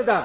predseda!